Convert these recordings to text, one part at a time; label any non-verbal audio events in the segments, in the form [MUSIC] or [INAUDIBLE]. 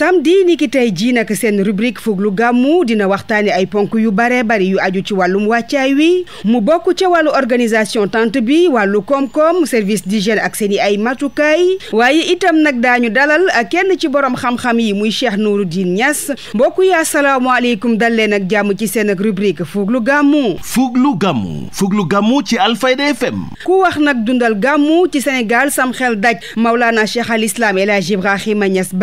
samedi ni ki tey jii nag seen rubrique fuglu gàmmu dina waxtaani ay ponk yu bare bari yu aju ci wàllum wàccaay wi mu bokk ca wàllu organisation tente bi wàllu koom-koom service d'hygiène ak seen i ay matukaay waaye itam nag daañu dalal kenn ci borom xam-xam yi muy Cheikh Nouruddin ñas mbokk yi asalaamaaleykum dal leen ak jàmm ci seen ak rubrique fuglu gàmmu fuglu gàmmu fuglu gàmmu ci Alfayda FM ku wax nag dundal gàmmu ci senegal sam xel daj Maulana Cheikh al Islam El Hadj Ibrahima Niass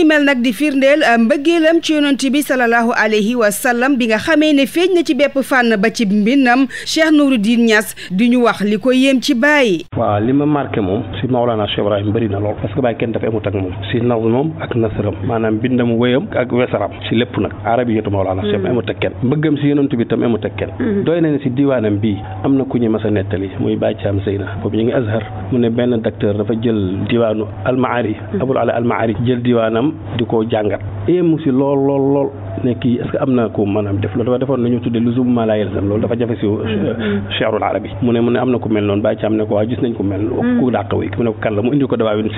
ni mel nag di firndeel euh, mbëggeelam ci yonent bi sallallahu alayhi wa sallam bi nga xamee ne feeñ na ci bépp fànn ba ci mbindam Cheikh Nouruddin Niass di ñu wax li ko yéem ci Baye. waaw li ma marqué moom si Maolana Cheikh Ibrahim bëri na lool parce que Baye kenn dafa amut ak moom si nazmam ak nasram maanaam bindam wéyam ak wesaram si lépp nag arabiyatu Maolana Cheikh hmm. amut ak kenn mbëggam si yonent bi tam amut ak kenn hmm. doy na ne si diwaanam bii am na ku ñu mas a nettali muy Baye Thiam Seyna boobu ñu ngi Azhar mu ne benn docteur dafa jël diwaanu almaari hmm. abul ala almaari jël diwaanam di ko jàngat. yéemu si lool lool lool. ne kii est ce que am na ko maanaam def loolu dafa defoon nañu tuddee luzum ma la loolu dafa jafe si euh, mm-hmm. chehrul arabi mu ne mu ne am na ku mel noonu bàyyi ci am ne ko waaw gis nañ ko mel mm-hmm. ku dàq ne ko kan la mu indi ko dabaa wi ne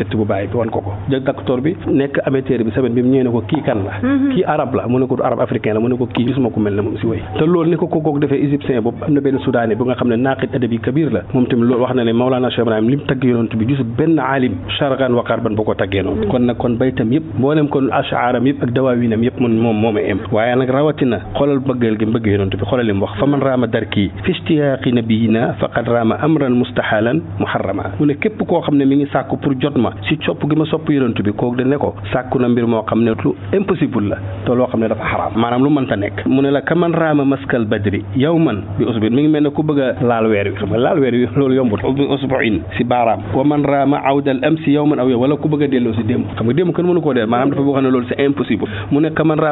ko kii kan la mm-hmm. kii arab la mu ne ko du arab africain la mu ne ko kii gisuma ko mel ne moom si way te loolu ni ko kookook defee égyptien boobu am na benn soudanais bu nga xam ne naaqid adabi kabir la moom tamit loolu wax na ne Mawlana Cheikh Ibrahim li mu taggee noonu kon nag kon baytam yëpp am waaye nag rawatina xoolal bëggal gi mbëgg yonent bi xoolal li mu wax fa man raama darkii fi istiyaaqi nabiyina raama amran mustahalan mu ne képp koo xam ne mi ngi sàkku pour jot ma si sopp gi ma sopp yonent bi kooku da ne ko sàkku na mbir moo xam ne lu impossible la te loo xam ne dafa xaraam maanaam lu mënta nekk mu ne la ka man raama maskal badri yow man bi usbin mi ngi mel ne ku bëgg a laal weer wi xam nga laal weer wi [LAUGHS] loolu yombut bi usbuin si si yow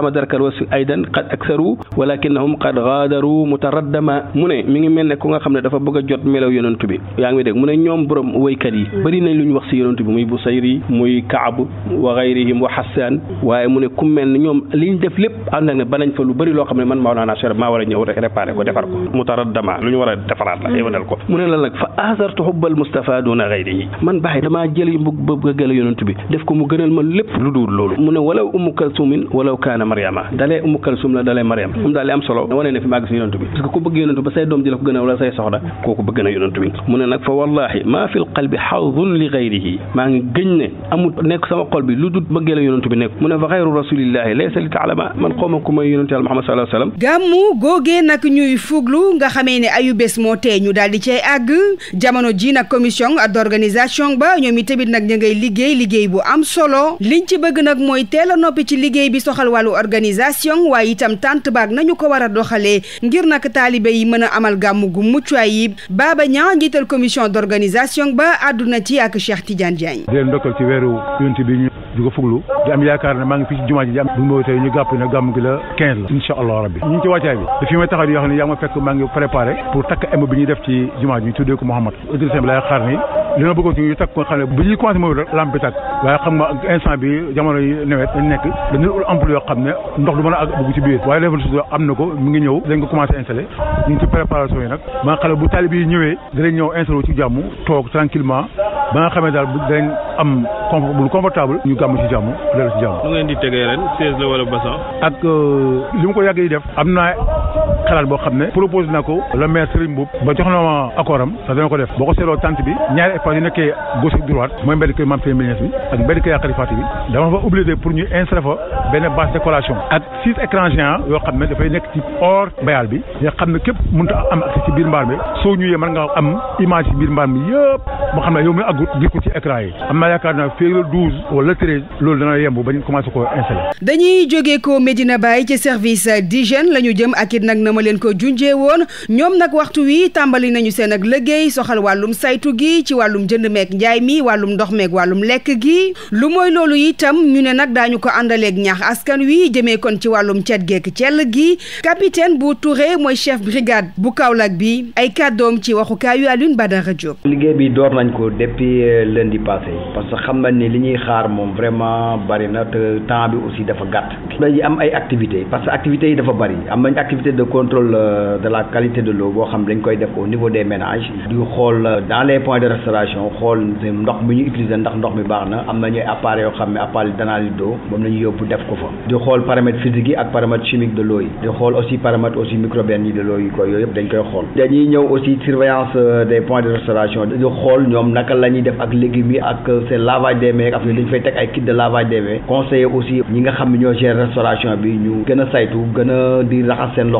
a delloo الوصف aydan qad aksaru walakinnahum qad gaadaru mutaraddama mu ne mi ngi mel ne ku nga xam ne dafa bëgg a jot melaw yonent bi yaa ngi dégg mu ne ñoom borom waykat yi bëri nañ lu ñu wax si yonent bi muy Busayri muy Kaab wa gayrihim wa Hassan waaye mu ne ku mel ne ñoom liñ def lépp ànd ak ne banañ fa lu bëri loo xam ne man Mawlana Cheikh maa war a ñëw rek réparé ko defar ko mutaraddama lu ñu war a defaraat la yewanal ko mu ne la nag fa asartu xubbal Mustafa duna gayrihi man baaxee damaa jël yu bëgg bëgg a gëla yonent bi def ko mu gënal ma lépp lu duur loolu mu ne walaw umu kalsumin walaw kaana mariama dalee umu kalsum la dalee mariam moom daal am solo wane ne fi màgg si bi parce que ku bëgg yonantu ba say doom di la ko gën wala say soxna kooku bëgg na yonantu bi mu ne nag fa wallahi maa fi l qalbi xawdun li gayrihi maa ngi gëñ ne amul nekk sama xol bi lu dul la yonantu bi nekk mu ne fa xayru rasulillahi laysa li taalama man xaw ma ku may muhammad sallallahu alayhi wa sallam gàmmu googee ñuy fuglu nga xamee ne ayu bés moo tee ñu daal di cay àgg jamono ji nag commission d'organisation ba ñoom i tamit nag liggéey liggéey bu am solo liñ ci bëgg nag mooy teel a ci liggéey bi soxal wàllu organisation organisation waaye itam tànt baag nañu ko war a doxalee ngir nag taalibe yi mën a amal gàmm gu mucc ayib Baba Niang njiital commission d' organisation ba àdduna ci ak Cheikh Tidiane Diagne. di leen ndokkal ci weeru yonent bi ñu di ko fuglu di am yaakaar ne maa ngi fii ci jumaa ji di am bu ñu tey ñu gàpp ne gàmm gi la quinze la incha allah rabbi ñu ngi ci wàccaay bi te fi may taxaw di wax ne yaa ma fekk maa ngi préparé pour takk m bi ñuy def ci jumaa ji tuddee ko Mouhamad Idrissa Seck xaar ni li ma bëggoon ñu takk ko xam ne bu ñuy commencé mooy rek lampe bi tàkk waaye xam nga instant bi jamono yi nawet dañ nekk dañu ul ampoule yoo xam a ak waaye Révolution am na ko ñëw dañ ko commencé installé ñu ngi ci préparation yi nag ba nga xam ne bu taalib yi ñëwee dinañ ñëw toog tranquillement ba nga daal euh, li mu ko yàgg def am naa xalaat boo xam ne proposé na ko le maire Serigne Mboup ba jox na ma ko def boo ko seetloo tente bi ñaari espace yu nekkee gauche ak droite mooy mbedd kër Mame Seye Mélnès bi ak mbedd kër ak six écrans géants yoo xam ne dafay nekk ci hors mbayal bi nga xam ne képp mënuta am accès ci biir mbaar bi soo ñëwee mën nga am image ci biir mbaar bi yëpp moo xam ne yow mi àggut gis ko ci écran yi am naa yaakaar naa fii le douze wala le loolu dana yemb ba ñu ko nag na ma leen ko junjee woon ñoom nag waxtu wi tàmbali nañu seen ak liggéey soxal wàllum saytu gi ci wàllum jënd meeg njaay mi wàllum ndox meek wàllum lekk gi lu mooy loolu itam ñu ne nag daañu ko àndaleeg ñaax askan wi jëmee kon ci wàllum cet geek cell gi capitaine bu Touré mooy chef brigade bu Kaolack bi ay kàddoom ci waxukaayu Alioune Badara Diop. liggéey bi door nañ ko depuis euh, lundi passé parce que xam na ni li ñuy xaar moom vraiment bari na te temps bi aussi dafa gàtt. dañuy am ay activités parce que activités yi dafa activité de contrôle euh, de la qualité de l'eau boo xam dañ koy def au niveau des ménages di xool euh, dans les points de restauration xool ndox mi ñu utiliser ndax ndox mi baax na am na ñuy appareil yoo xam ne appareil d'analyse d'eau moom la ñu yóbbu def ko fa di xool paramètre physique ak paramètre chimique de l'eau yi di xool aussi paramètre aussi microbienne yi de l'eau yi koy yooyu yëpp dañ koy xool dañuy ñëw aussi surveillance euh, des points de restauration di xool ñoom naka la ñuy def ak légumes yi ak seen lavage des mains af dañ fay teg ay kit de lavage des mains conseiller aussi ñi nga xam ne ñoo gérer restauration bi ñu gën a saytu gën a di raxas seen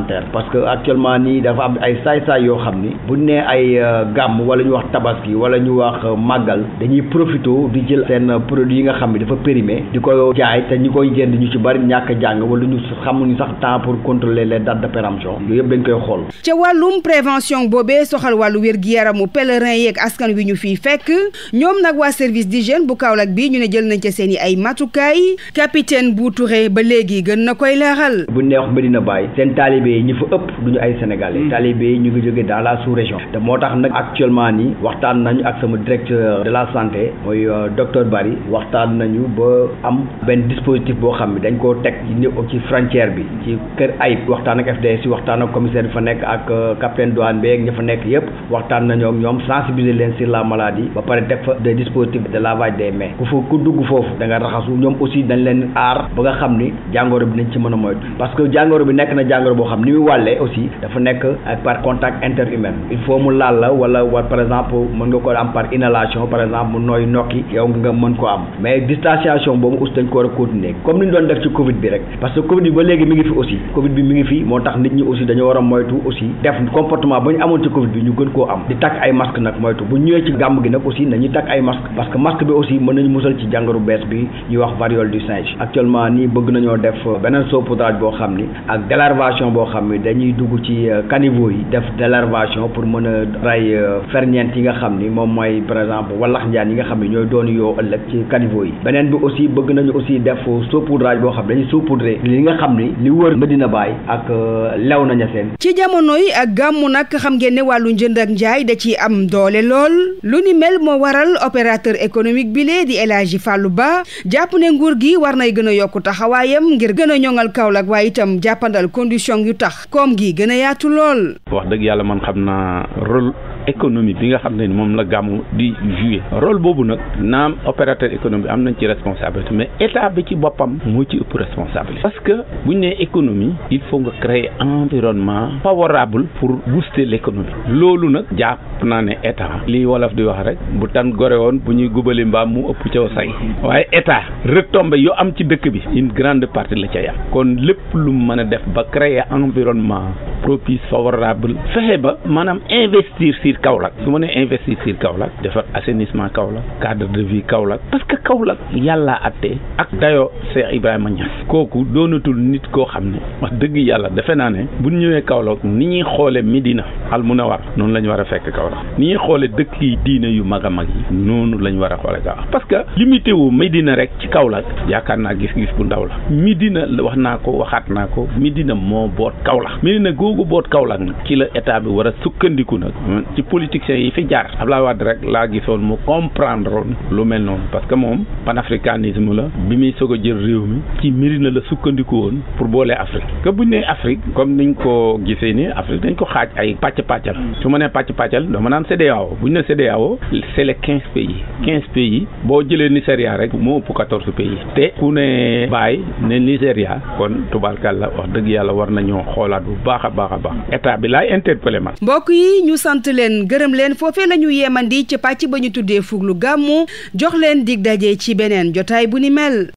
parlementaire parce que actuellement nii dafa am ay saay-saay yoo xam ni buñ nee ay euh, gàmm wala ñu wax tabaski wala ñu wax euh, màggal dañuy profito di jël seen produit yi nga xam ne dafa périmé di ko jaay te ñi koy jënd ñu ci bari ñàkk jàng wala ñu xamuñu sax temps pour contrôler les dates de péremption yooyu yëpp dañ koy xool ca wàllum prévention boobee soxal wàllu wér-gi-yaramu pèlerin yeeg askan wi ñu fii fekk ñoom nag waa service d'hygiène bu Kaolack bi ñu ne jël nañ ca seen i ay matukaay capitaine bu Touré ba léegi gën na koy leeral bu neex Medina talibé ñi fa ëpp duñu ay sénégalais mm. talibé ñu ngi joggé dans la sous région te motax nak actuellement ni waxtaan nañu ak sama directeur de la santé moy euh, docteur bari waxtaan nañu ba am ben dispositif bo xamni dañ ko tek ci ci frontière bi ci kër ay waxtaan ak fds waxtaan ak commissaire fa nek ak euh, capitaine douane ak ñi fa nek yépp waxtaan nañu ak ñom sensibiliser len sur la maladie ba paré def des dispositifs de lavage des mains ku fa ku dugg fofu da nga raxasu ñom aussi dañ leen ar ba nga xamni jangoro bi nañ ci mëna parce que jangoro bi nek na jangoro bo xam xam ni muy wàllee aussi dafa nekk euh, par contact interhumain il faut mu laal la wala wa par exemple mën nga ko am par inhalation par exemple mu nooy nokki yow nga mën koo am mais distanciation boobu aussi dañ ko war a continuer comme ni ñu doon def ci Covid bi rek parce que Covid bi ba léegi mi ngi fi aussi Covid bi mi ngi fi moo tax nit ñi aussi dañoo war a moytu aussi def comportement ba ñu amoon ci Covid bi ñu gën koo am di takk ay masque nag moytu bu ñëwee ci gàmm bëgg nañoo def beneen saupoudrage boo xam ni xam ni dañuy dugg ci euh, caniveau yi def délarvation pour mën a rey euh, ferñeent yi nga xam ni moom mooy par exemple wallax njaan yi nga xam ni ñooy doon yoo ëllëg ci caniveau yi beneen bi aussi bëgg nañu aussi def saupoudrage boo xam dañuy saupoudrer li nga xam ni li wër Medina Baye ak lew naña seen ci jamonoy ak gàmmu nag xam ngeen ne wàllu njënd ak njaay da ciy am doole lool lu ni mel moo waral opérateur économique bi lee di El Hadji Fallou Ba jàpp ne nguur gi war nay gën a yokk taxawaayam ngir gën a ñoŋal Kaolack tax koom gi gën a yaatu lool. wax dëgg yàlla man xam naa rôle économie bi nga xamné mom la gàmmu di jouer rôle bobu nak nam opérateur économique am nañ ci responsabilité mais état bi ci bopam mo ci ëpp responsabilité parce que buñ né économie il faut nga créer environnement favorable pour booster l'économie lolu nak jàpp na ne état li wolof di wax rek bu tan goré won buñuy gubali mu ëpp ci say waaye état retombé yo am ci dëkk bi une grande partie la ca kon lepp lu mëna def ba créer environnement propice favorable fexe ba manam investir sur investir Kaolack su ma nee investir Kaolack defar assainissement Kaolack cadre de vie Kaolack parce que Kaolack yàllaa atte ak dayoo Cheikh Ibrahima Niass kooku doonatul nit koo xam ne wax dëgg yàlla defe naa ne bu ñëwee Kaolack ni ñuy xoole Medina al munawar noonu la ñu war a fekk Kaolack ni ñuy xoole dëkk yi diine yu mag a mag yi noonu la ñu war a xoole Kaolack parce que limité wu Medina rek ci Kaolack yaakaar naa gis-gis bu ndaw la Medina wax naa ko waxaat naa ko dina moo boot Kaolack Medina googu boot Kaolack nag ci la état bi war a sukkandiku nag hmm, ci politiciens yi fi jaar Abdoulaye Wade rek laa gisoon mu comprendre lu mel noonu parce que moom panafricanisme la bi muy soog a jël réew mi ci Medina la sukkandiku woon pour boolee Afrique que buñ nee Afrique comme niñ ko gisee ni Afrique dañ ko xaaj ay pàcc pàcc pàccal su ma nee pàcc pàccal dama naan CEDEAO bu ñu ne CEDEAO c'est les quinze boo jëlee Nigéria rek moo ëpp quatorze te ku ne bàyyi ne Nigéria kon tubaarkal la wax dëgg yàlla war nañoo xoolaat bu baax a baax a baax état bi laay interpellé ma mbokk yi ñu sant leen gërëm leen foofee la yemandi ci pàcc ba ñu tuddee fuglu gàmmu jox leen dig daje ci beneen jotaay bu ni mel